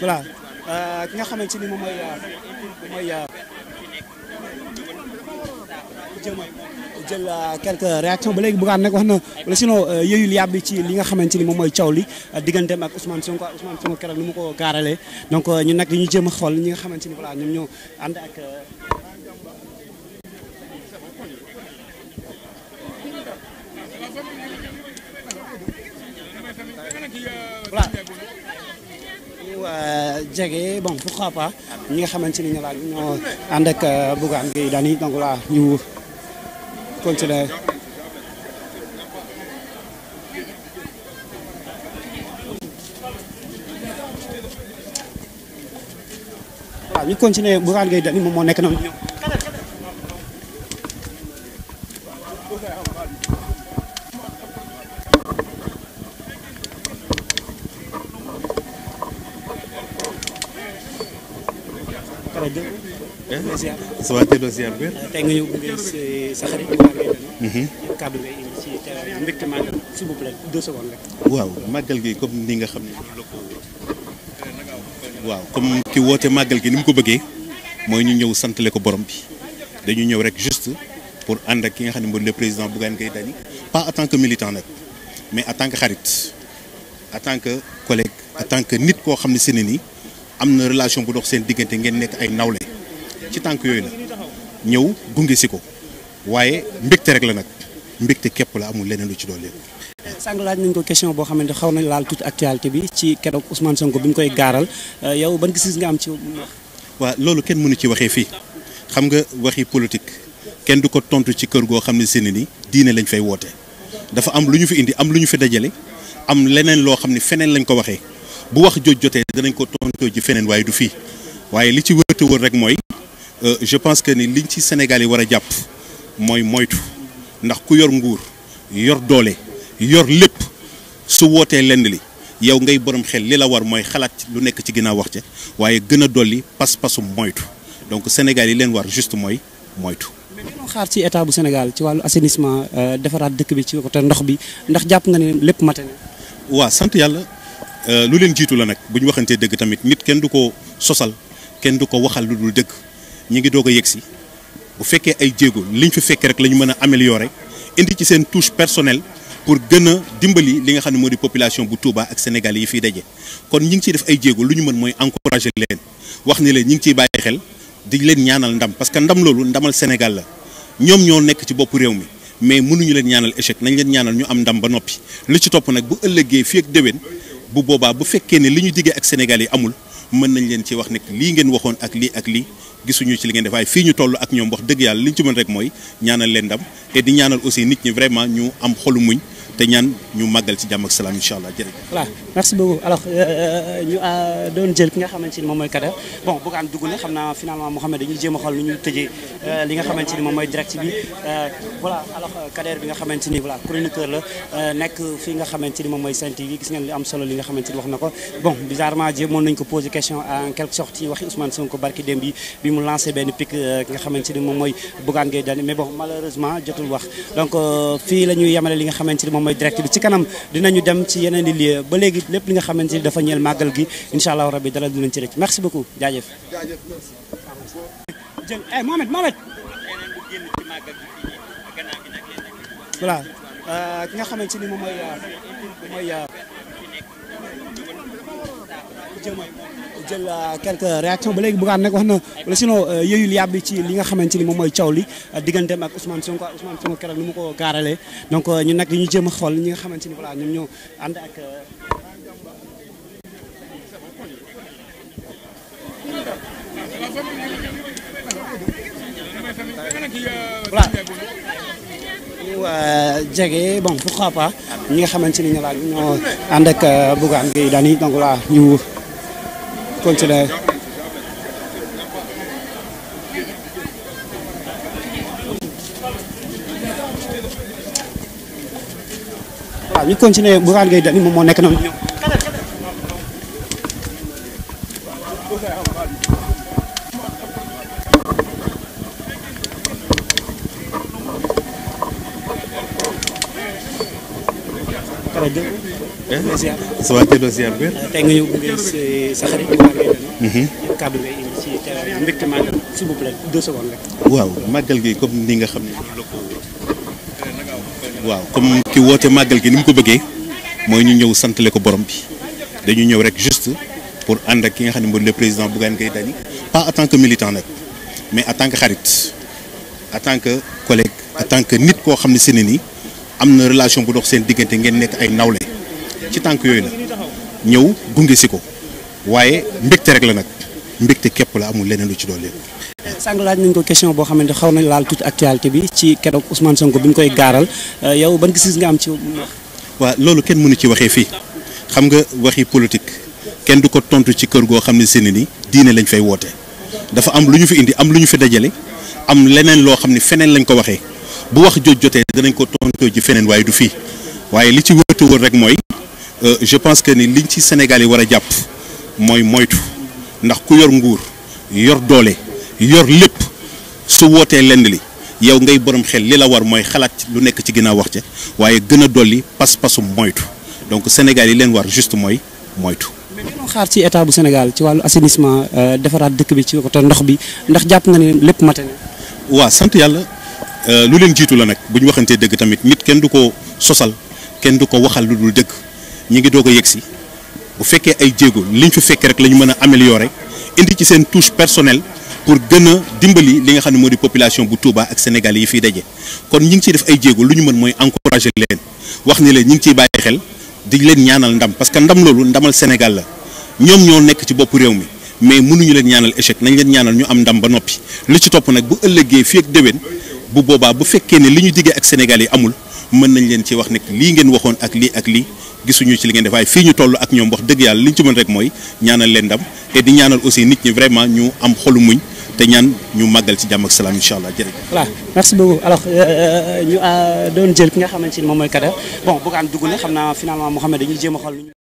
voilà euh, ki nga xamante ni moom mooy euh, mooy jëma euh, jël quelques réactions ba léegi Bougane nag wax na wala sinon yëyul yàbbi ci li nga xamante ni moom mooy coow li digganteem ak Ousmane Sonko Ousmane Sonko keroog nu mu ko gaaralee donc ñu nag dañu jéem a xool ñi nga xamante ni voilà ñoom ñoo ànd ak. voilà waa jege bon pourquoi pas ñi nga xamante ni ñoo ñoo ànd ak euh, Bougane Gueye Dany donc ñu continuer waaw ñu continuer moom moo nekk noonu a dégg. sama teeloo ziar bi. Eh, sa xarit mhm. kàddu ngay indi màggal s'il vous plaît waaw màggal gi comme ni nga xam ne waaw comme ki woote màggal gi ni mu ko bëggee mooy ñu ñëw santale ko borom bi dañu ñëw rek juste pour ànd ak ki nga xam ne mooy le président Bougane Gueye Dany pas en tant que militant nag mais en tant que xarit en tant que collègue en tant que nit koo xam ne si ne nii. am na relation bu dox seen diggante ngeen nekk ay nawle ci tànk yooyu la ñëw gunge si ko waaye mbégte rek la nag mbégte képp la amul leneen lu ci doole. sànq laaj nañ ko question boo xamante xaw nañ laal tuuti bi ci keroog Ousmane Sonko bi mu koy gaaral euh, yow ban gis-gis nga am ci. waaw loolu kenn mënu ci waxee fii xam nga waxi politique kenn du ko tontu ci kër goo xam ne seen ni diine lañ fay woote dafa am lu ñu fi indi am lu ñu fi dajale am leneen loo xam ne feneen lañ ko waxee. bu wax joj jotee danañ ko tontoo ji feneen waaye du fii waaye li ci wërte wër rek mooy euh, je pense que ni liñ ci Sénégal yi war a jàpp mooy moytu ndax ku yor nguur yor doole yor lépp su wootee lenn li yow ngay borom xel li la war mooy xalaat lu nekk ci ginnaaw wax ca waaye gën a dolli pas-pasu moytu donc Sénégal yi leen war juste mooy moytu. mais dañoo xaar ci état bu Sénégal ci wàllu assainissement euh, defaraat dëkk bi ci côté ndox bi ndax jàpp nga ne lépp mate na. sant yàlla. Euh, lu leen jiitu la nag bu ñu waxantee dëgg tamit nit kenn du ko sosal kenn du ko waxal lu dul dëgg ñu ngi doog a yegg si bu fekkee ay jéego liñ fi fekk rek la ñu mën a améliorer indi ci seen touche personnelle pour gën a dimbali li nga xam ne moo di population bu Touba ak Sénégal yi fiy daje kon ñi ngi ciy def ay jéego lu ñu mën mooy encourager leen wax ni leen ñi ngi ciy bàyyi xel di leen ñaanal ndam parce que ndam loolu ndamal Sénégal la ñoom ñoo nekk ci bopp réew mi mais mënuñu leen ñaanal échec nañ leen ñaanal ñu am ndam ba noppi li ci topp nag bu ëllëgee fii déwén bu boobaa bu fekkee ne li ñu diggee ak Sénégal yi amul mën nañ leen ci wax ne lii ngeen waxoon ak lii ak lii gisuñu ci li ngeen def waaye fii ñu toll ak ñoom wax dëgg yàlla li ñu ci mën rek mooy ñaanal leen ndam te di ñaanal aussi nit ñi vraiment ñu am xolu muñ te ñaan ñu màggal ci jàmm ak salaam incha allah jërëjëf. Euh, euh, euh, ki nga xamante ni moom mooy Kader bon Bougane dugg na xam naa finalement a xool nu moom mooy direct bi voilà alors Kader bi nga xamante ni la nekk fi nga xamante ni moom mooy Sen yi gis ngeen li am solo li nga xamante ni wax na ko bon bizarrement jéemoon nañu ko poser question en quelque sorte waxi ni moom mooy Bougane Gueye Dany mais bon malheureusement jotul wax donc fii la ñuy li nga xamante ni moom mooy direct bi ci kanam dinañu dem ci yeneen li lieu ba léegi lépp li nga xamante ni dafa ñeel màggal gi incha allahu rabbi dara du leen ci rëcc merci beaucoup jaajëf. jaajëf jël eh Mohamed Mohamed. voilà euh, ki nga xamante ni moom mooy euh, mooy. Euh, jël euh, quelques réactions ba léegi Bougane nag wax na wala sinon euh, yëyul yàbbi ci li nga xamante ni moom mooy coow li euh, digganteem ak Ousmane Sonko Ousmane Sonko keroog nu mu ko gaaralee donc ñu nag dañu jéem a xool ñi nga xamante ni voilà ñoom ñoo ànd ak. voilà ñu jege bon pourquoi pas ñi nga xamante ni ñoo ànd ak Bougane Gueye Dany donc voilà ñu. continuer waaw ñu continuer Bougane Gueye Dany moom moo nekk noonu ñëw sama teddoo ziar bi tey nga ñëw sa xarit mhm. kàddu ngay indi ci mbégte màggal s'il waaw màggal gi comme ni nga xam ne waaw comme ki woote màggal gi ni mu ko bëggee mooy ñu ñëw santale ko borom bi dañu ñëw rek juste pour ànd ak ki nga xam ne mooy le président Bougane Gueye pas en tant que militant nag mais en tant que xarit en tant que collègue en tant que nit koo xam ne seeni nii am na relation bu dox seen diggante ngeen nekk ay nawle ci tànk yooyu la ñëw gunge si ko waaye mbégte rek la nag mbégte képp la amul leneen lu ci doole. sànq laaj nañ ko question boo xamante xaw nañ laal tuuti actualité bi ci keroog Ousmane Sonko bi ñu koy gaaral euh, yow ban gis-gis nga am ci. waa loolu kenn mënu ci waxee fii xam nga waxi politique kenn du ko tontu ci kër goo xam ne seen nii diine lañ fay woote dafa am lu ñu fi indi am lu ñu fi dajale am leneen loo xam ne feneen lañ ko waxee bu wax jot jotee danañ ko tontoo ji feneen waaye du fii waaye li ci wërtu wër rek mooy Euh, je pense que ni liñ ci Sénégal yi war a jàpp mooy moytu ndax ku yor nguur yor doole yor lépp su wootee lenn li yow ngay borom xel li la war mooy xalaat lu nekk ci ginnaaw wax ca waaye gën a dolli pas-pasum moytu donc Sénégal yi leen war juste mooy moytu. mais xaar ci état bu Sénégal ci wàllu assainissement euh, defaraat dëkk bi ci côté ndox bi ndax jàpp na ne lépp mate na. waaw sant yàlla euh, lu leen jiitu la nag bu ñu waxantee dëgg tamit nit kenn du ko sosal kenn du ko waxal lu dul dëgg. ñi ngi doog a yegsi bu fekkee ay jéego liñ fi fekk rek la mën a améliorer indi ci seen touche personnelle pour gën a dimbali li nga xam ne moo di population bu Touba ak Sénégal yi fiy daje kon ñi ngi ciy def ay jéego lu ñu mën mooy encourager leen wax ni leen ñi ngi ciy bàyyi xel di leen ñaanal ndam parce que ndam loolu ndamal Sénégal la ñoom ñoo nekk ci bopp réew mi mais mënuñu leen ñaanal échec nañ leen ñaanal ñu am ndam ba noppi lu ci topp nag bu ëllëgee fii ak déwén boobaa bu fekkee ne li ñu diggee ak Sénégal yi amul mën nañ leen ci wax ne lii ngeen waxoon ak lii ak lii gisuñu ci li ngeen def waaye fii ñu toll ak ñoom wax dëgg yàlla li ñu ci mën rek mooy ñaanal leen ndam te di ñaanal aussi nit ñi vraiment ñu am xolu muñ te ñaan ñu màggal ci jàmm ak salaam incha allah jërëjëf. voilà merci euh, euh, euh, doon jël ki nga xamante ni moom mooy Kader bon bu ko dugg na xam naa finalement Mouhamed dañuy jéem a